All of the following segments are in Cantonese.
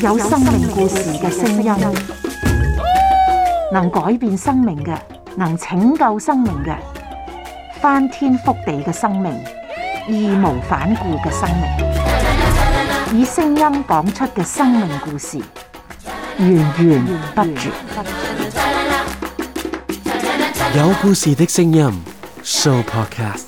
有生命故事嘅聲音，能改變生命嘅，能拯救生命嘅，翻天覆地嘅生命，義無反顧嘅生命，以聲音講出嘅生命故事，源源不絕。有故事嘅聲音，Show Podcast。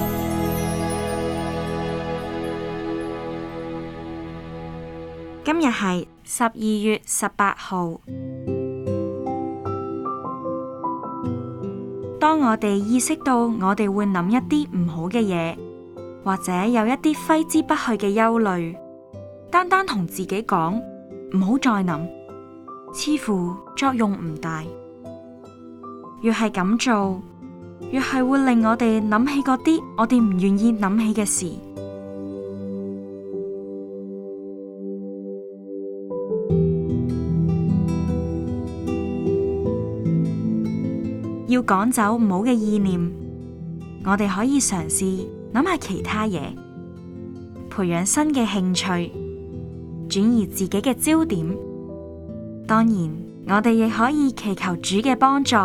今日係十二月十八號。當我哋意識到我哋會諗一啲唔好嘅嘢，或者有一啲揮之不去嘅憂慮，單單同自己講唔好再諗，似乎作用唔大。越係咁做，越係會令我哋諗起嗰啲我哋唔願意諗起嘅事。要趕走唔好嘅意念，我哋可以嘗試諗下其他嘢，培養新嘅興趣，轉移自己嘅焦點。當然，我哋亦可以祈求主嘅幫助，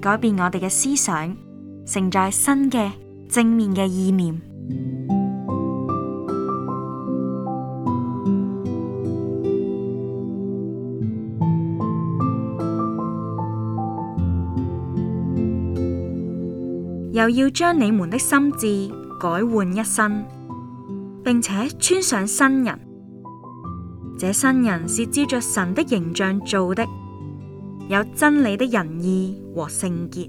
改變我哋嘅思想，承載新嘅正面嘅意念。又要將你們的心志改換一新，並且穿上新人。這新人是照着神的形象造的，有真理的仁義和聖潔。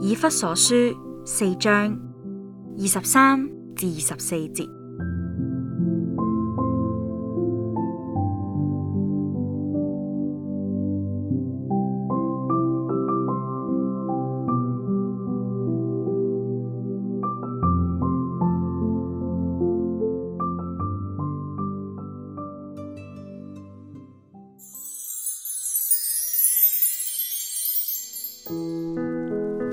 以弗所書四章二十三至二十四節。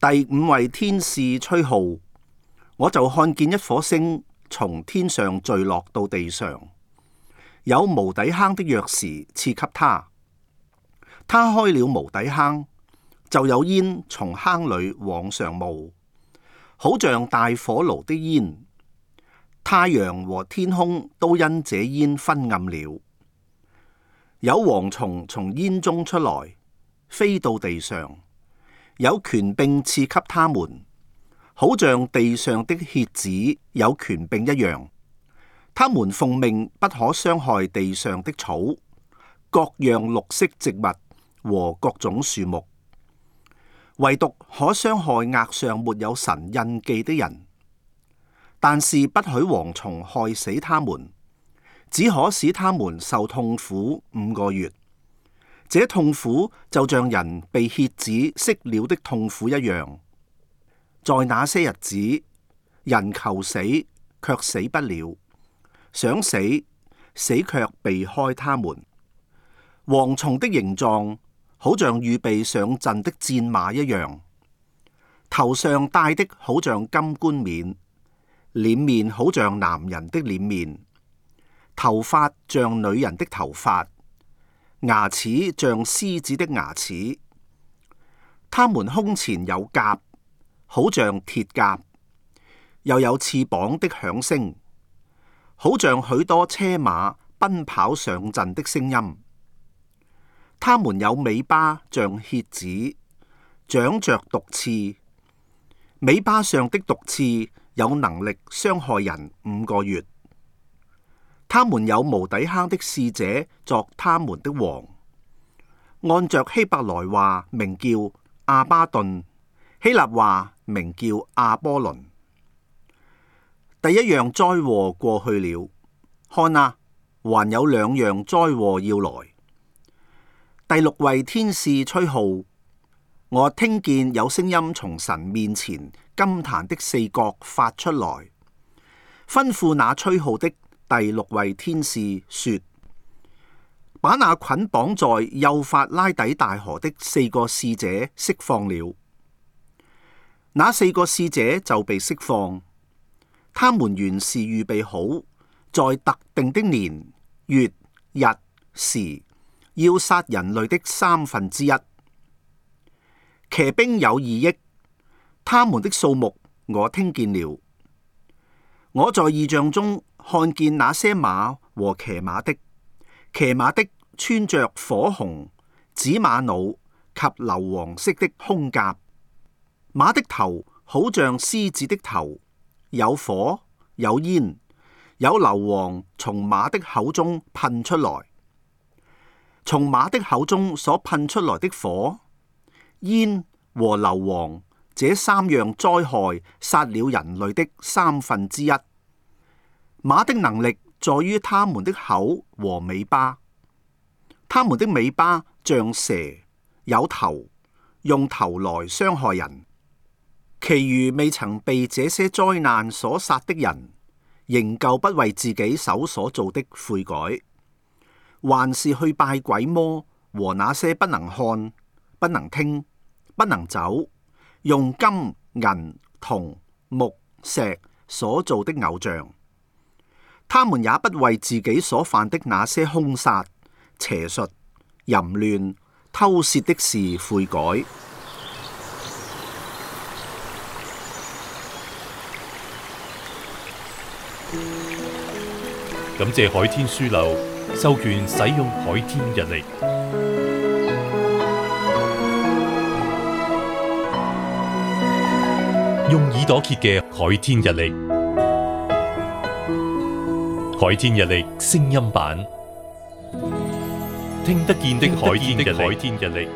第五位天使吹號，我就看見一顆星從天上墜落到地上，有無底坑的鑰匙賜給他，他開了無底坑，就有煙從坑裏往上冒，好像大火爐的煙。太陽和天空都因這煙昏暗了。有蝗蟲從煙中出來，飛到地上。有權柄賜給他們，好像地上的蠍子有權柄一樣。他們奉命不可傷害地上的草、各樣綠色植物和各種樹木，唯獨可傷害額上沒有神印記的人。但是不許蝗蟲害死他們，只可使他們受痛苦五個月。這痛苦就像人被蠍子螫了的痛苦一樣，在那些日子，人求死卻死不了，想死死卻避開他們。蝗蟲的形狀好像預備上陣的戰馬一樣，頭上戴的好像金冠冕，臉面好像男人的臉面，頭髮像女人的頭髮。牙齒像獅子的牙齒，它們胸前有甲，好像鐵甲，又有翅膀的響聲，好像許多車馬奔跑上陣的聲音。它們有尾巴像蠍子，長着毒刺，尾巴上的毒刺有能力傷害人五個月。他們有無底坑的使者作他們的王，按着希伯來話名叫阿巴頓，希臘話名叫阿波倫。第一樣災禍過去了，看啊，還有兩樣災禍要來。第六位天使吹號，我聽見有聲音從神面前金壇的四角發出來，吩咐那吹號的。第六位天使說：把那捆綁在幼發拉底大河的四個使者釋放了。那四個使者就被釋放。他們原是預備好，在特定的年月日時，要殺人類的三分之一。騎兵有二億，他們的數目我聽見了。我在異象中。看見那些馬和騎馬的，騎馬的穿着火紅、紫瑪瑙及硫黃色的胸甲。馬的頭好像獅子的頭，有火、有煙、有硫黃從馬的口中噴出來。從馬的口中所噴出來的火、煙和硫黃，這三樣災害，殺了人類的三分之一。馬的能力在於它們的口和尾巴，它們的尾巴像蛇，有頭，用頭來傷害人。其餘未曾被這些災難所殺的人，仍舊不為自己手所做的悔改，還是去拜鬼魔和那些不能看、不能聽、不能走，用金銀銅木石所做的偶像。他們也不為自己所犯的那些兇殺、邪術、淫亂、偷竊的事悔改。感謝海天書樓授權使用海天日曆，用耳朵揭嘅海天日曆。海天日曆聲音版，聽得見的海天日曆。